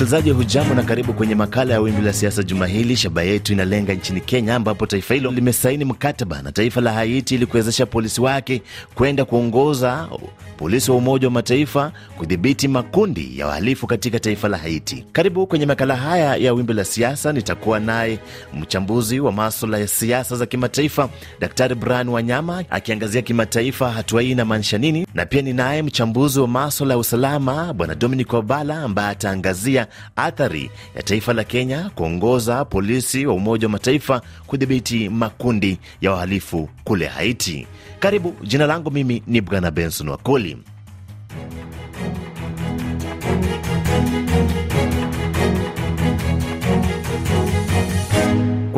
Msikilizaji hujambo na karibu kwenye makala ya wimbi la siasa juma hili. Shabaha yetu inalenga nchini Kenya, ambapo taifa hilo limesaini mkataba na taifa la Haiti ili kuwezesha polisi wake kwenda kuongoza polisi wa Umoja wa Mataifa kudhibiti makundi ya wahalifu katika taifa la Haiti. Karibu kwenye makala haya ya wimbi la siasa. Nitakuwa naye mchambuzi wa maswala ya siasa za kimataifa Daktari Brian Wanyama akiangazia kimataifa hatua hii inamaanisha nini, na pia ninaye mchambuzi wa maswala ya usalama Bwana Dominic Wabala ambaye ataangazia athari ya taifa la Kenya kuongoza polisi wa Umoja wa Mataifa kudhibiti makundi ya wahalifu kule Haiti. Karibu, jina langu mimi ni Bwana Benson Wakoli.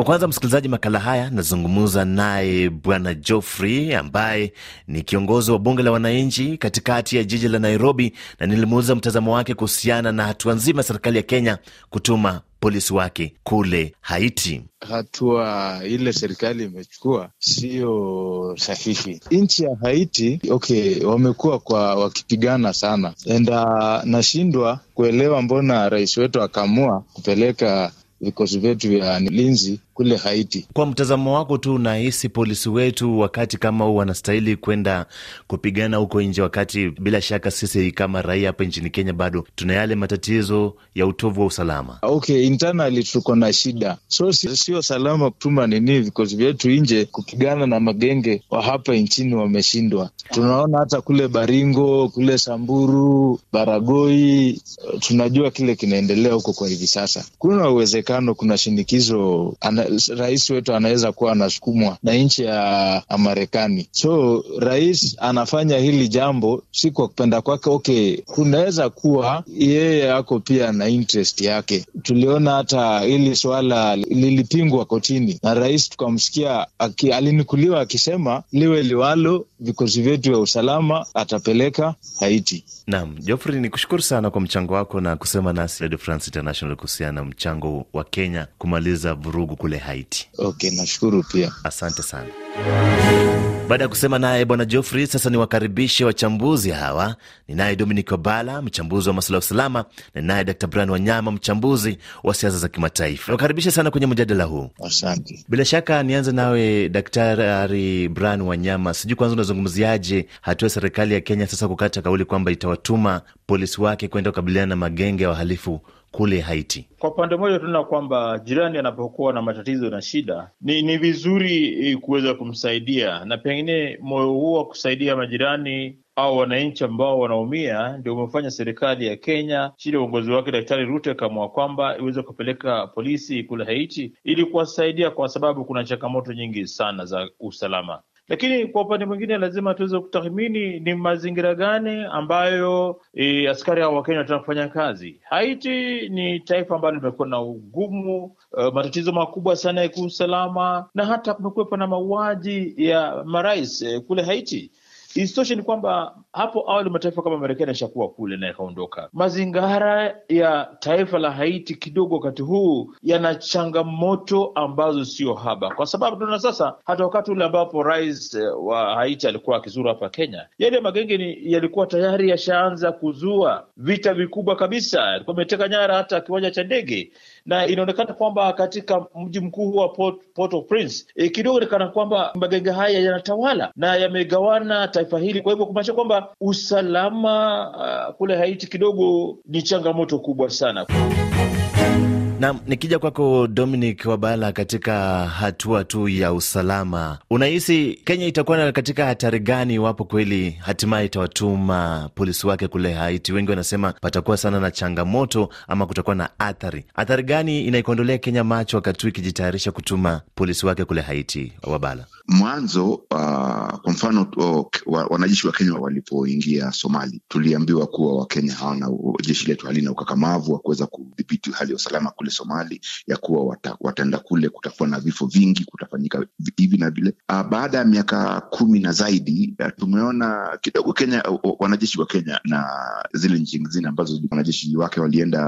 Kwa kwanza, msikilizaji, makala haya nazungumza naye Bwana Geoffrey ambaye ni kiongozi wa bunge la wananchi katikati ya jiji la Nairobi, na nilimuuza mtazamo wake kuhusiana na hatua nzima ya serikali ya Kenya kutuma polisi wake kule Haiti. Hatua ile serikali imechukua siyo sahihi. Nchi ya Haiti, okay, wamekuwa kwa wakipigana sana, enda uh, nashindwa kuelewa mbona rais wetu akaamua kupeleka vikosi vyetu vya linzi kule Haiti. Kwa mtazamo wako tu, unahisi polisi wetu wakati kama huu wanastahili kwenda kupigana huko nje, wakati bila shaka sisi kama raia hapa nchini Kenya bado tuna yale matatizo ya utovu wa usalama? Okay, internally tuko na shida, so sio salama kutuma nini vikosi vyetu nje kupigana na magenge wa hapa nchini, wameshindwa. Tunaona hata kule Baringo, kule Samburu, Baragoi, tunajua kile kinaendelea huko kwa hivi sasa. Kuna uwezekano mkano, kuna shinikizo ana, rais wetu anaweza kuwa anasukumwa na nchi ya Marekani. So rais anafanya hili jambo si kwa kupenda kwake. Okay, kunaweza kuwa yeye ako pia na interest yake. Tuliona hata hili swala lilipingwa kotini na rais, tukamsikia alinukuliwa akisema liwe liwalo, vikosi vyetu vya usalama atapeleka Haiti. Naam, Geoffrey, ni kushukuru sana kwa mchango wako na kusema nasi Radio France International kuhusiana na mchango wa Kenya kumaliza vurugu kule Haiti. Okay, nashukuru pia, asante sana. Baada ya kusema naye bwana Geoffrey, sasa niwakaribishe wachambuzi hawa. Ninaye Dominic Wabala, mchambuzi wa masuala ya usalama, na ninaye Dr Brian Wanyama, mchambuzi wa siasa za kimataifa. Niwakaribishe sana kwenye mjadala huu, asante. Bila shaka nianze nawe Daktari Brian Wanyama, sijui kwanza unazungumziaje hatua ya serikali ya Kenya sasa kukata kauli kwamba itawatuma polisi wake kwenda kukabiliana na magenge ya wahalifu kule Haiti. Kwa upande mmoja tunaona kwamba jirani anapokuwa na matatizo na shida, ni, ni vizuri e, kuweza kumsaidia, na pengine moyo huo wa kusaidia majirani au wananchi ambao wanaumia ndio umefanya serikali ya Kenya chini ya uongozi wake Daktari Ruto akaamua kwamba iweze kupeleka polisi kule Haiti ili kuwasaidia, kwa sababu kuna changamoto nyingi sana za usalama. Lakini kwa upande mwingine lazima tuweze kutathmini ni mazingira gani ambayo e, askari hao Wakenya wanataka kufanya kazi. Haiti ni taifa ambalo limekuwa na ugumu e, matatizo makubwa sana ya kiusalama na hata kumekuwepo na mauaji ya marais e, kule Haiti Isitoshe ni kwamba hapo awali mataifa kama Marekani yashakuwa kule na yakaondoka. Mazingara ya taifa la Haiti kidogo wakati huu yana changamoto ambazo sio haba, kwa sababu tunaona sasa, hata wakati ule ambapo rais eh, wa Haiti alikuwa akizuru hapa Kenya, yale magenge ni yalikuwa tayari yashaanza kuzua vita vikubwa kabisa, yalikuwa ameteka nyara hata kiwanja cha ndege na inaonekana kwamba katika mji mkuu huu wa Port, Port au Prince e, eh, kidogo inaonekana kwamba magenge haya yanatawala na yamegawana taifa hili. Kwa hivyo kumaanisha kwamba usalama uh, kule Haiti kidogo ni changamoto kubwa sana. Na nikija kwako Dominic Wabala, katika hatua tu ya usalama, unahisi Kenya itakuwa na katika hatari gani iwapo kweli hatimaye itawatuma polisi wake kule Haiti? Wengi wanasema patakuwa sana na changamoto ama kutakuwa na athari. Athari gani inaikondolea Kenya macho wakati ikijitayarisha kutuma polisi wake kule Haiti? Wabala, mwanzo uh, kwa mfano wanajeshi wa Kenya walipoingia Somali tuliambiwa kuwa Wakenya hawana jeshi letu halina ukakamavu wa kuweza kudhibiti hali ya usalama kule Somali ya kuwa wata, wataenda kule, kutakuwa na vifo vingi, kutafanyika hivi na vile. Ah, baada ya miaka kumi na zaidi ah, tumeona kidogo Kenya, wanajeshi wa Kenya na zile nchi zingine ambazo wanajeshi wake walienda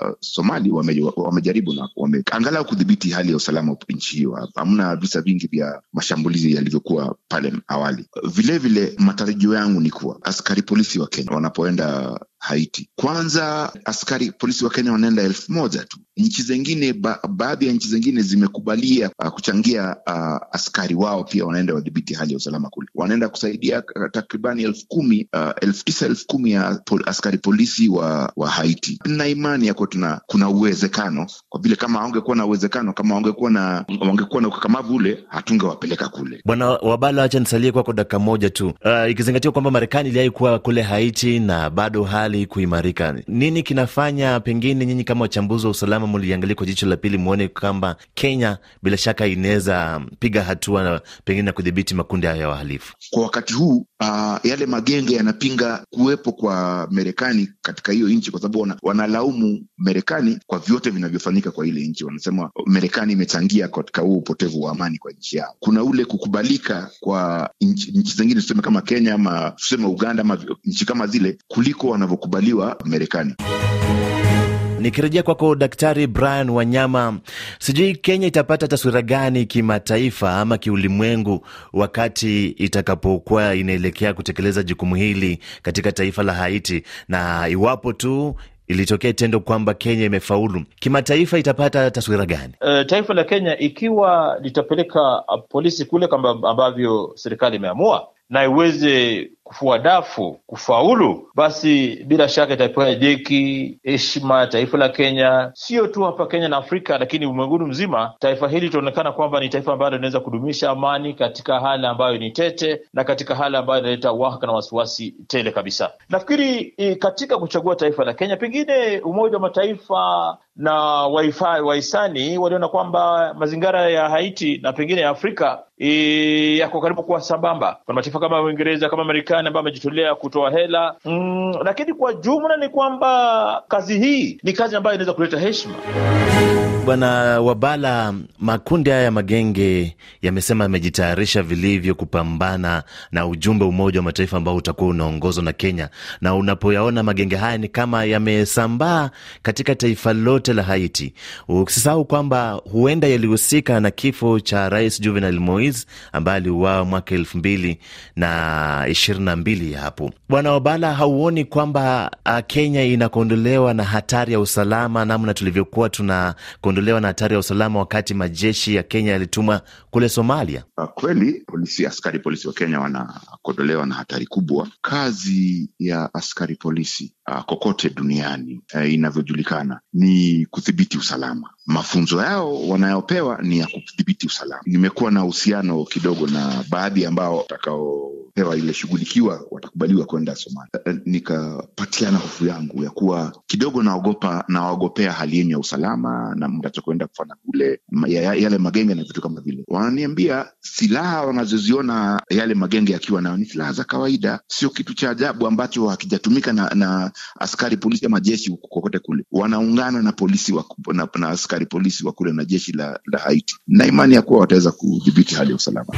uh, Somali wamejaribu wame na wame, angalau kudhibiti hali ya usalama nchi hiyo. Hamna visa vingi vya mashambulizi yalivyokuwa pale awali. Vilevile matarajio yangu ni kuwa askari polisi wa Kenya wanapoenda Haiti, kwanza askari polisi wa Kenya wanaenda elfu moja tu nchi zengine ba, baadhi ya nchi zengine zimekubalia uh, kuchangia uh, askari wao pia wanaenda wadhibiti hali ya usalama kule, wanaenda kusaidia uh, takribani elfu kumi uh, elfu tisa elfu kumi ya pol, askari polisi wa, wa Haiti. Na imani yako tuna kuna uwezekano kwa vile kama wangekuwa na uwezekano kama wangekuwa na wangekuwa na ukakamavu ule hatungewapeleka kule. Bwana Wabala, wacha nisalie kwako dakika moja tu uh, ikizingatiwa kwamba Marekani iliwahi kuwa kule Haiti na bado hali kuimarika, nini kinafanya pengine nyinyi kama wachambuzi wa usalama mliangalia kwa jicho la pili, mwone kwamba Kenya bila shaka inaweza piga hatua na pengine na kudhibiti makundi hayo ya wahalifu kwa wakati huu. Uh, yale magenge yanapinga kuwepo kwa Marekani katika hiyo nchi, kwa sababu wanalaumu Marekani kwa vyote vinavyofanyika kwa ile nchi. Wanasema Marekani imechangia katika huu upotevu wa amani kwa nchi yao. Kuna ule kukubalika kwa nchi zingine, tuseme kama Kenya ama tuseme Uganda ama nchi kama zile, kuliko wanavyokubaliwa Marekani. Nikirejea kwako Daktari Brian Wanyama, sijui Kenya itapata taswira gani kimataifa ama kiulimwengu wakati itakapokuwa inaelekea kutekeleza jukumu hili katika taifa la Haiti, na iwapo tu ilitokea tendo kwamba Kenya imefaulu kimataifa, itapata taswira gani? E, taifa la Kenya ikiwa litapeleka polisi kule kama ambavyo serikali imeamua na iweze kufua dafu kufaulu, basi bila shaka itapewa jeki heshima taifa la Kenya, sio tu hapa Kenya na Afrika, lakini ulimwenguni mzima. Taifa hili litaonekana kwamba ni taifa ambalo linaweza kudumisha amani katika hali ambayo ni tete na katika hali ambayo inaleta waka na wasiwasi tele kabisa. Nafikiri eh, katika kuchagua taifa la Kenya, pengine Umoja wa Mataifa na waifai wahisani waliona kwamba mazingira ya Haiti na pengine ya Afrika eh, yako karibu kuwa sambamba. Kuna mataifa kama Uingereza kama Marekani gani ambayo amejitolea kutoa hela mm, lakini kwa jumla ni kwamba kazi hii ni kazi ambayo inaweza kuleta heshima. Bwana Wabala, makundi haya ya magenge yamesema yamejitayarisha vilivyo kupambana na ujumbe Umoja wa Mataifa ambao utakuwa unaongozwa na Kenya, na unapoyaona magenge haya ni kama yamesambaa katika taifa lote la Haiti. Usisahau kwamba huenda yalihusika na kifo cha Rais Juvenal Mois ambaye aliuawa mwaka elfu mbili na ishirini na mbili hapo. Bwana Obala, hauoni kwamba uh, Kenya inakondolewa na hatari ya usalama namna tulivyokuwa tunakondolewa na hatari ya usalama wakati majeshi ya Kenya yalitumwa kule Somalia? Ah, kweli polisi, askari polisi wa Kenya wanakondolewa na hatari kubwa. Kazi ya askari polisi uh, kokote duniani uh, inavyojulikana ni kudhibiti usalama. Mafunzo yao wanayopewa ni ya kudhibiti usalama. Nimekuwa na uhusiano kidogo na baadhi ambao watakaopewa ile shughulikiwa watakubaliwa kwenda somali uh, uh, nikapatiana hofu yangu ya kuwa kidogo naogopa, nawaogopea hali yenu ya usalama na mtachokwenda kufana kule, yale magenge na vitu kama vile. Wananiambia silaha wanazoziona yale magenge yakiwa nayo ni silaha za kawaida, sio kitu cha ajabu ambacho hakijatumika na, na askari polisi ama jeshi kokote kule wanaungana na polisi wa, na, na askari polisi wa kule na jeshi la, la Haiti na imani ya kuwa wataweza kudhibiti hali ya usalama.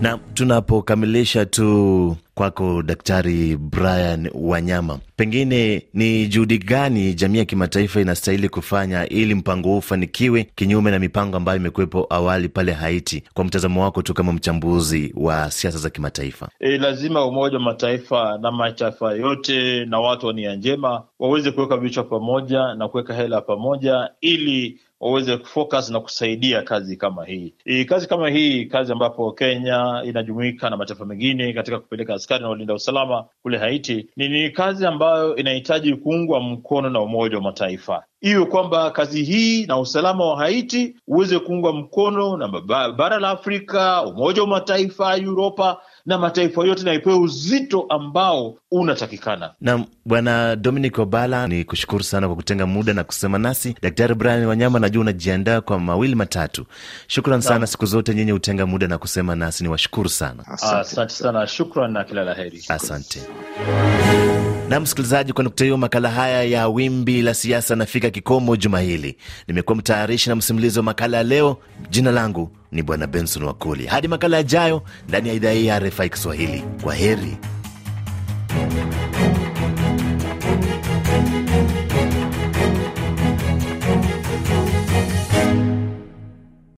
Na tunapokamilisha tu kwako Daktari Brian Wanyama, pengine ni juhudi gani jamii ya kimataifa inastahili kufanya ili mpango huu ufanikiwe, kinyume na mipango ambayo imekuwepo awali pale Haiti, kwa mtazamo wako tu kama mchambuzi wa siasa za kimataifa? E, lazima Umoja wa Mataifa na mataifa yote na watu wa nia njema waweze kuweka vichwa pamoja na kuweka hela pamoja ili waweze kufocus na kusaidia kazi kama hii. I kazi kama hii, kazi ambapo Kenya inajumuika na mataifa mengine katika kupeleka askari na walinda usalama kule Haiti, ni, ni kazi ambayo inahitaji kuungwa mkono na Umoja wa Mataifa iwe kwamba kazi hii na usalama wa Haiti uweze kuungwa mkono na bara la Afrika, Umoja wa Mataifa, Uropa na mataifa yote na ipewe uzito ambao unatakikana. Na Bwana Dominic Obala, ni kushukuru sana kwa kutenga muda na kusema nasi. Daktari Brian Wanyama, najua unajiandaa kwa mawili matatu. Shukran sana, siku zote nyinyi hutenga muda na kusema nasi, ni washukuru sana. Asante sana, shukran na kila la heri. Asante na msikilizaji, kwa nukta hiyo makala haya ya wimbi la siasa nafika kufika kikomo juma hili. Nimekuwa mtayarishi na msimulizi wa makala ya leo. Jina langu ni Bwana Benson Wakoli. Hadi makala yajayo ndani ya idhaa hii ya RFI Kiswahili, kwa heri.